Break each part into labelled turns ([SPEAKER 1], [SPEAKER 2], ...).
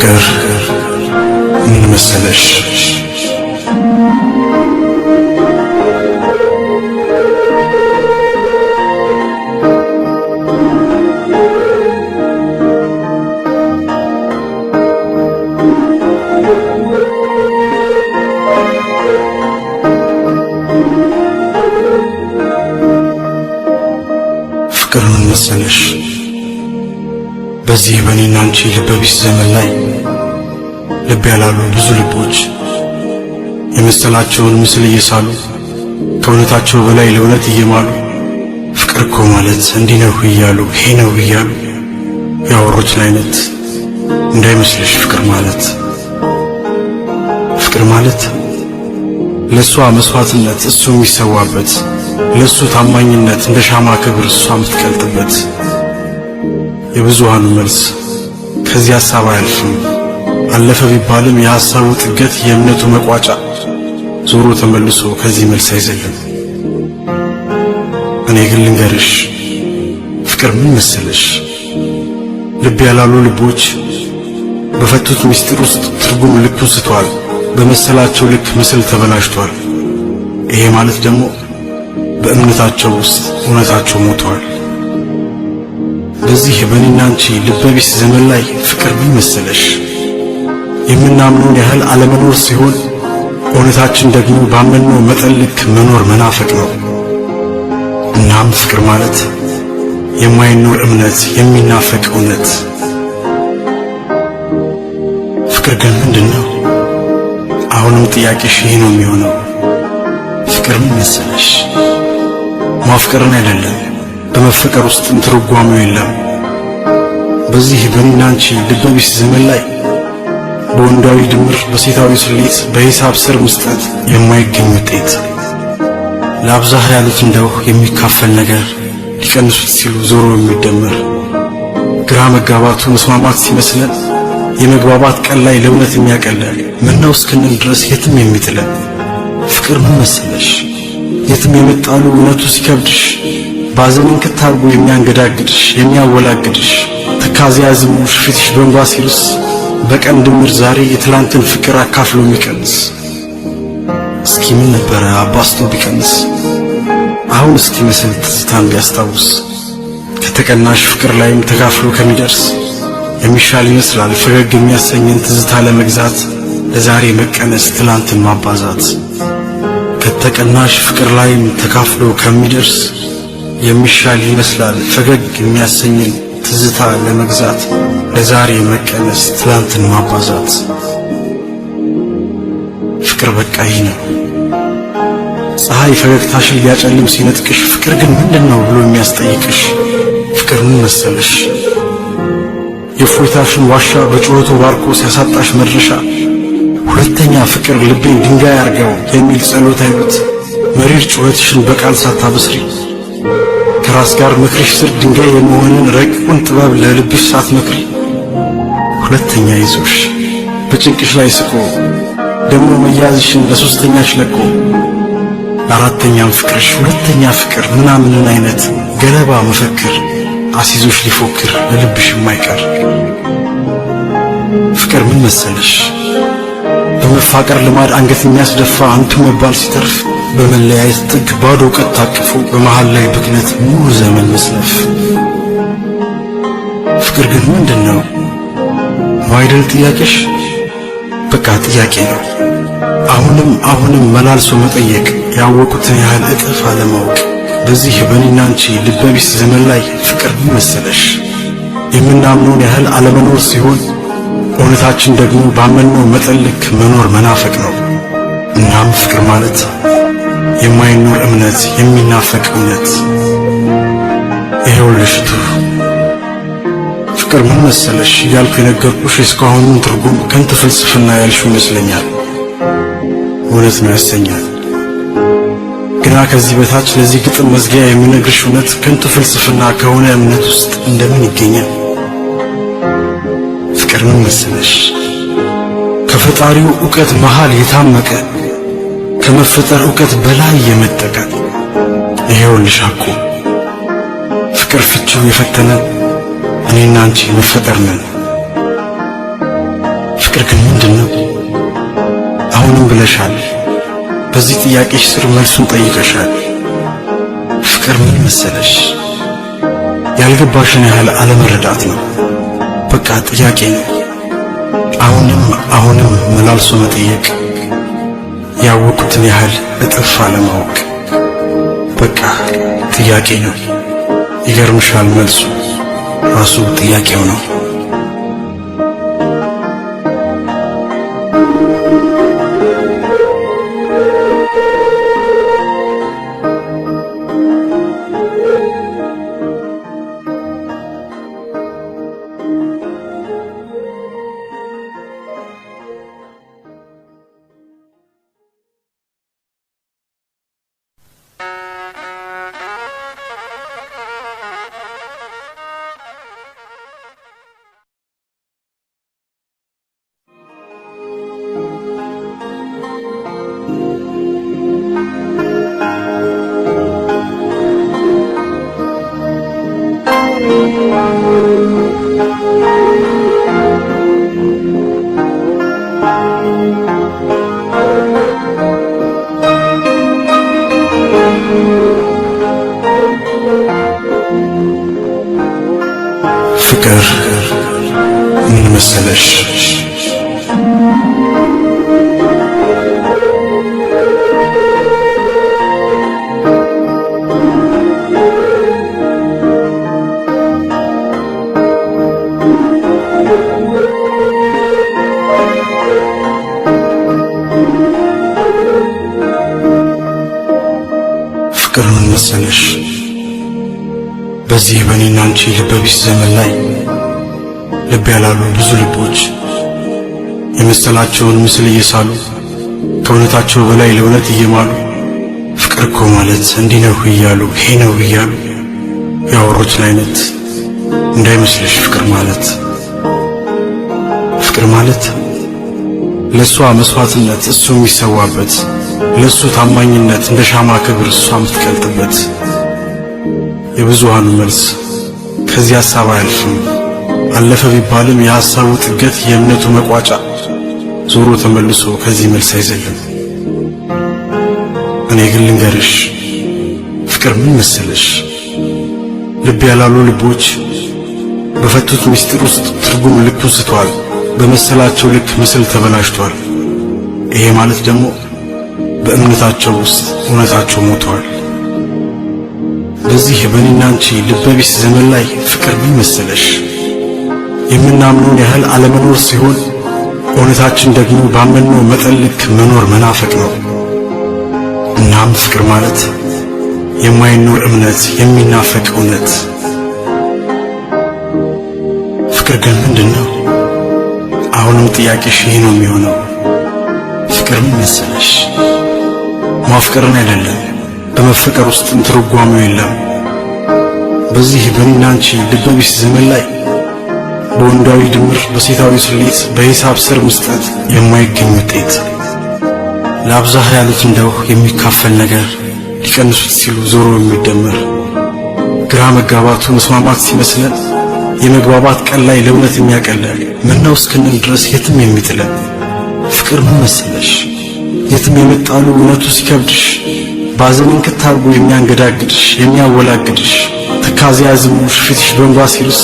[SPEAKER 1] الفكر ما مثلش ፍቅርን መሰለሽ በዚህ በኔና አንቺ ልበቢስ ዘመን ላይ ልብ ያላሉ ብዙ ልቦች የመሰላቸውን ምስል እየሳሉ ከእውነታቸው በላይ ለእውነት እየማሉ ፍቅር እኮ ማለት እንዲህ ነው እያሉ ይሄ ነው እያሉ ያወሩትን አይነት እንዳይመስልሽ ፍቅር ማለት ፍቅር ማለት ለእሷ መስዋዕትነት እሱ የሚሰዋበት ለእሱ ታማኝነት እንደ ሻማ ክብር እሷ የምትቀልጥበት የብዙሃኑ መልስ ከዚህ ሐሳብ አያልፍም። አለፈ ቢባልም የሐሳቡ ጥገት የእምነቱ መቋጫ ዞሮ ተመልሶ ከዚህ መልስ አይዘልም። እኔ ግን ልንገርሽ ፍቅር ምን መሰለሽ ልብ ያላሉ ልቦች በፈቱት ምስጢር ውስጥ ትርጉም ልኩ ስተዋል። በመሰላቸው ልክ ምስል ተበላሽቷል። ይሄ ማለት ደግሞ በእምነታቸው ውስጥ እውነታቸው ሞቷል። በዚህ በእኔና አንቺ ልበቢስ ዘመን ላይ ፍቅር ምን መሰለሽ የምናምነውን ያህል አለመኖር ሲሆን እውነታችን ደግሞ ባመንነው መጠን ልክ መኖር መናፈቅ ነው። እናም ፍቅር ማለት የማይኖር እምነት፣ የሚናፈቅ እውነት። ፍቅር ግን ምንድነው? አሁንም ጥያቄሽ ይህ ነው የሚሆነው። ፍቅር ምን መሰለሽ? ማፍቀርን አይደለም፣ በመፈቀር ውስጥም ትርጓሜው የለም። በዚህ በእናንቺ ልበቢስ ዘመን ላይ በወንዳዊ ድምር በሴታዊ ስሌት በሂሳብ ስር መስጠት የማይገኝ ውጤት ለአብዛህ ያሉት እንደው የሚካፈል ነገር ሊቀንሱት ሲሉ ዞሮ የሚደመር ግራ መጋባቱ መስማማት ሲመስለን የመግባባት ቀን ላይ ለእውነት የሚያቀለል ምነው እስክንል ድረስ የትም የሚጥለን ፍቅር ምን መሰለሽ የትም የመጣሉ እውነቱ ሲከብድሽ ባዘንን ክታርጎ የሚያንገዳግድሽ የሚያወላግድሽ ትካዜ ፊትሽ በእንባ ሲርስ በቀን ድምር ዛሬ የትላንትን ፍቅር አካፍሎ የሚቀንስ እስኪ ምን ነበረ አባስቶ ቢቀንስ አሁን እስቲ መስል ትዝታን ቢያስታውስ ከተቀናሽ ፍቅር ላይም ተካፍሎ ከሚደርስ የሚሻል ይመስላል ፈገግ የሚያሰኝን ትዝታ ለመግዛት ለዛሬ መቀነስ ትላንትን ማባዛት ከተቀናሽ ፍቅር ላይም ተካፍሎ ከሚደርስ የሚሻል ይመስላል ፈገግ የሚያሰኝን ትዝታ ለመግዛት ለዛሬ መቀነስ ትላንትን ማባዛት ፍቅር በቃ ይህ ነው። ፀሐይ ፈገግታሽን ሊያጨልም ሲነጥቅሽ ፍቅር ግን ምንድን ነው ብሎ የሚያስጠይቅሽ ፍቅር ምን መሰለሽ የእፎይታሽን ዋሻ በጩኸቱ ባርኮ ሲያሳጣሽ መድረሻ ሁለተኛ ፍቅር ልቤን ድንጋይ አርገው የሚል ጸሎት አይሉት መሪር ጩኸትሽን በቃል ሳታበስሪ ከራስ ጋር ምክርሽ ስር ድንጋይ የመሆንን ረቂቁን ጥበብ ለልብሽ ሳትመክሪ ሁለተኛ ይዞሽ በጭንቅሽ ላይ ስቆ ደግሞ መያዝሽን ለሶስተኛ ለቆ ለአራተኛም ፍቅርሽ ሁለተኛ ፍቅር ምናምንን አይነት ገለባ መፈክር አሲዞሽ ሊፎክር ለልብሽ የማይቀር ፍቅር ምን መሰለሽ በመፋቀር ልማድ አንገት የሚያስደፋ አንቱ መባል ሲተርፍ በመለያየት ጥግ ባዶ እውቀት ታቅፎ በመሃል ላይ ብክነት ሙሉ ዘመን መስለፍ ፍቅር ግን ምንድን ነው? ነው አይደል ጥያቄሽ? በቃ ጥያቄ ነው። አሁንም አሁንም መላልሶ መጠየቅ ያወቁትን ያህል እጥፍ አለማወቅ። በዚህ በኔና አንቺ ልበቢስ ዘመን ላይ ፍቅር ምን መሰለሽ የምናምነውን ያህል አለመኖር ሲሆን እውነታችን ደግሞ ባመንነው መጠን ልክ መኖር መናፈቅ ነው። እናም ፍቅር ማለት የማይኖር እምነት፣ የሚናፈቅ እምነት ። ይኸውልሽ ቱ ፍቅር ምን መሰለሽ እያልኩ የነገርኩሽ እስካሁኑን ትርጉም ከንቱ ፍልስፍና ያልሽው ይመስለኛል። እውነት ነው ያሰኛል። ግና ከዚህ በታች ለዚህ ግጥም መዝጊያ የሚነግርሽ እውነት ከንቱ ፍልስፍና ከሆነ እምነት ውስጥ እንደምን ይገኛል? ፍቅር ምን መሰለሽ ከፈጣሪው ዕውቀት መሃል የታመቀ ከመፈጠር ዕውቀት በላይ የመጠቀ ይሄውልሽ አቁ ፍቅር ፍቺው የፈተነ እኔና አንቺ መፈጠር ነን። ፍቅር ግን ምንድን ነው? አሁንም ብለሻል። በዚህ ጥያቄሽ ስር መልሱን ጠይቀሻል። ፍቅር ምን መሰለሽ? ያልገባሽን ያህል አለመረዳት ነው። በቃ ጥያቄ ነው። አሁንም አሁንም መላልሶ መጠየቅ፣ ያወቁትን ያህል እጥፍ አለማወቅ። በቃ ጥያቄ ነው። ይገርምሻል መልሱ ራሱ ጥያቄው ነው። በዚህ በእኔና አንቺ ልበቢስ ዘመን ላይ ልብ ያላሉ ብዙ ልቦች የመሰላቸውን ምስል እየሳሉ ከእውነታቸው በላይ ለእውነት እየማሉ ፍቅር እኮ ማለት እንዲህ ነው እያሉ ይሄ ነው እያሉ ያወሩትን አይነት እንዳይመስልሽ ፍቅር ማለት ፍቅር ማለት ለእሷ መስዋዕትነት እሱ የሚሰዋበት ለእሱ ታማኝነት እንደ ሻማ ክብር እሷ የምትቀልጥበት የብዙሃኑ መልስ ከዚህ ሐሳብ አያልፍም። አለፈ ቢባልም የሐሳቡ ጥገት፣ የእምነቱ መቋጫ ዞሮ ተመልሶ ከዚህ መልስ አይዘልም። እኔ ግን ልንገርሽ ፍቅር ምን መሰለሽ ልብ ያላሉ ልቦች በፈቱት ምስጢር ውስጥ ትርጉም ልኩ ስተዋል። በመሰላቸው ልክ ምስል ተበላሽቷል። ይሄ ማለት ደግሞ በእምነታቸው ውስጥ እውነታቸው ሞተዋል። በዚህ የእኔና አንቺ ልበቢስ ዘመን ላይ ፍቅር ምን መሰለሽ የምናምነውን ያህል አለመኖር ሲሆን እውነታችን ደግሞ ባመንነው መጠን ልክ መኖር መናፈቅ ነው። እናም ፍቅር ማለት የማይኖር እምነት፣ የሚናፈቅ እውነት። ፍቅር ግን ምንድን ነው? አሁንም ጥያቄሽ ይሄ ነው የሚሆነው። ፍቅር ምን መሰለሽ ማፍቀርን አይደለም በመፈቀር ውስጥ ትርጓሜው የለም። በዚህ በእናንቺ አንቺ ልበቢስ ዘመን ላይ በወንዳዊ ድምር በሴታዊ ስሌት በሂሳብ ስር መስጠት የማይገኝ ውጤት ለአብዛህ ያሉት እንደው የሚካፈል ነገር ሊቀንሱት ሲሉ ዞሮ የሚደመር ግራ መጋባቱ መስማማት ሲመስለን የመግባባት ቀን ላይ ለእውነት የሚያቀለን ምነው እስክንል ድረስ የትም የሚጥለን ፍቅር ምን መሰለሽ የትም የመጣሉ እውነቱ ሲከብድሽ ባዘን እንክት አርጎ የሚያንገዳግድሽ የሚያወላግድሽ ትካዜ ዝሙሽ ፊትሽ በእንባ ሲርስ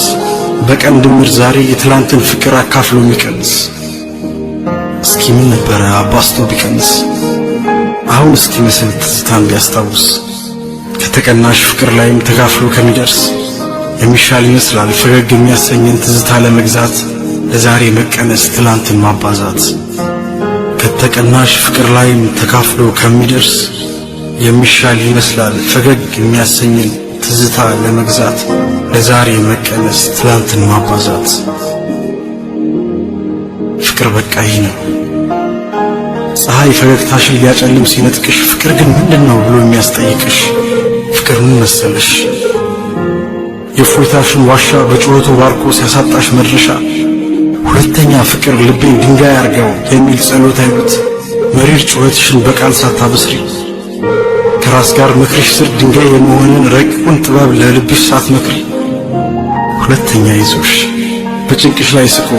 [SPEAKER 1] በቀን ድምር ዛሬ የትላንትን ፍቅር አካፍሎ የሚቀንስ እስኪ ምን ነበረ አባስቶ ቢቀንስ አሁን እስቲ መስል ትዝታን ቢያስታውስ ከተቀናሽ ፍቅር ላይም ተካፍሎ ከሚደርስ የሚሻል ይመስላል ፈገግ የሚያሰኝን ትዝታ ለመግዛት ለዛሬ መቀነስ ትላንትን ማባዛት ከተቀናሽ ፍቅር ላይም ተካፍሎ ከሚደርስ የሚሻል ይመስላል ፈገግ የሚያሰኝን ትዝታ ለመግዛት ለዛሬ መቀነስ ትላንትን ማባዛት ፍቅር በቃ ይህ ነው። ፀሐይ ፈገግታሽን ሊያጨልም ሲነጥቅሽ ፍቅር ግን ምንድን ነው ብሎ የሚያስጠይቅሽ ፍቅር ምን መሰለሽ የፎይታሽን ዋሻ በጩኸቱ ባርኮ ሲያሳጣሽ መድረሻ ሁለተኛ ፍቅር ልቤን ድንጋይ አርገው የሚል ጸሎት አይሉት መሪር ጩኸትሽን በቃል ሳታብስሪ ከራስ ጋር ምክርሽ ስር ድንጋይ የመሆንን ረቂቁን ጥበብ ለልብሽ ሳትመክሪ ሁለተኛ ይዞሽ በጭንቅሽ ላይ ስቆ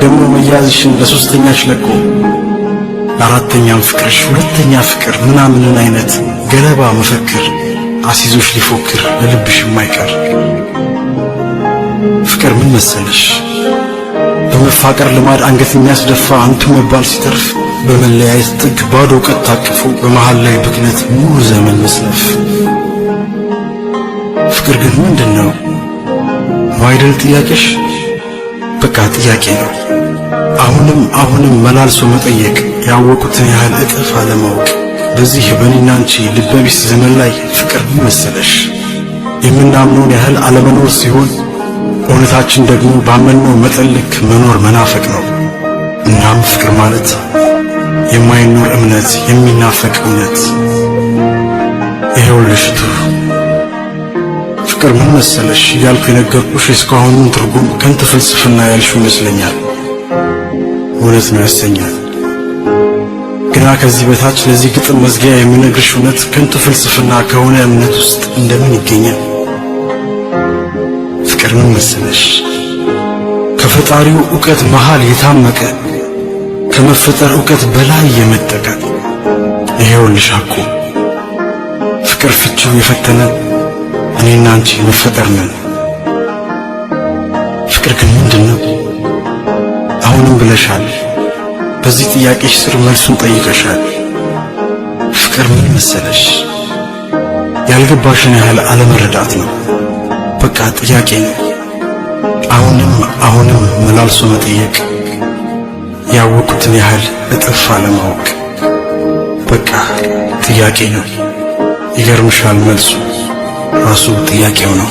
[SPEAKER 1] ደግሞ መያዝሽን ለሶስተኛሽ ለቆ ለአራተኛም ፍቅርሽ ሁለተኛ ፍቅር ምናምንን አይነት ገለባ መፈክር አስይዞሽ ሊፎክር ለልብሽ የማይቀር ፍቅር ምን መሰለሽ በመፋቀር ልማድ አንገት የሚያስደፋ አንቱ መባል ሲተርፍ በመለያየት ጥግ ባዶ ቀት ታቅፎ በመሃል ላይ ብክነት ሙሉ ዘመን መስለፍ። ፍቅር ግን ምንድን ነው? ማይደል ጥያቄሽ በቃ ጥያቄ ነው። አሁንም አሁንም መላልሶ መጠየቅ ያወቁትን ያህል እጥፍ አለማወቅ። በዚህ በኔና አንቺ ልበቢስ ዘመን ላይ ፍቅር ምን መሰለሽ የምናምነውን ያህል አለመኖር ሲሆን እውነታችን ደግሞ ባመነው መጠን ልክ መኖር መናፈቅ ነው። እናም ፍቅር ማለት የማይኖር እምነት፣ የሚናፈቅ እምነት። ይሄውልሽ ፍትህ ፍቅር ምን መሰለሽ እያልኩ የነገርኩሽ እስካሁኑን ትርጉም ከንቱ ፍልስፍና ያልሽ ይመስለኛል። እውነት ነው ያሰኛል። ግና ከዚህ በታች ለዚህ ግጥም መዝጊያ የሚነግርሽ እውነት ከንቱ ፍልስፍና ከሆነ እምነት ውስጥ እንደምን ይገኛል? ፍቅር ምን መሰለሽ ከፈጣሪው ዕውቀት መሃል የታመቀ ከመፈጠር ዕውቀት በላይ የመጠቀ ይሄውልሽ አቁ ፍቅር ፍቺው የፈተነ እኔና አንቺ መፈጠር ነን። ፍቅር ግን ምንድን ነው? አሁንም ብለሻል። በዚህ ጥያቄሽ ስር መልሱን ጠይቀሻል። ፍቅር ምን መሰለሽ ያልገባሽን ያህል አለመረዳት ነው። በቃ ጥያቄ ነው። አሁንም አሁንም መላልሶ መጠየቅ ያወቁትን ያህል እጥፍ አለማወቅ በቃ ጥያቄ ነው። ይገርምሻል መልሱ ራሱ ጥያቄው ነው።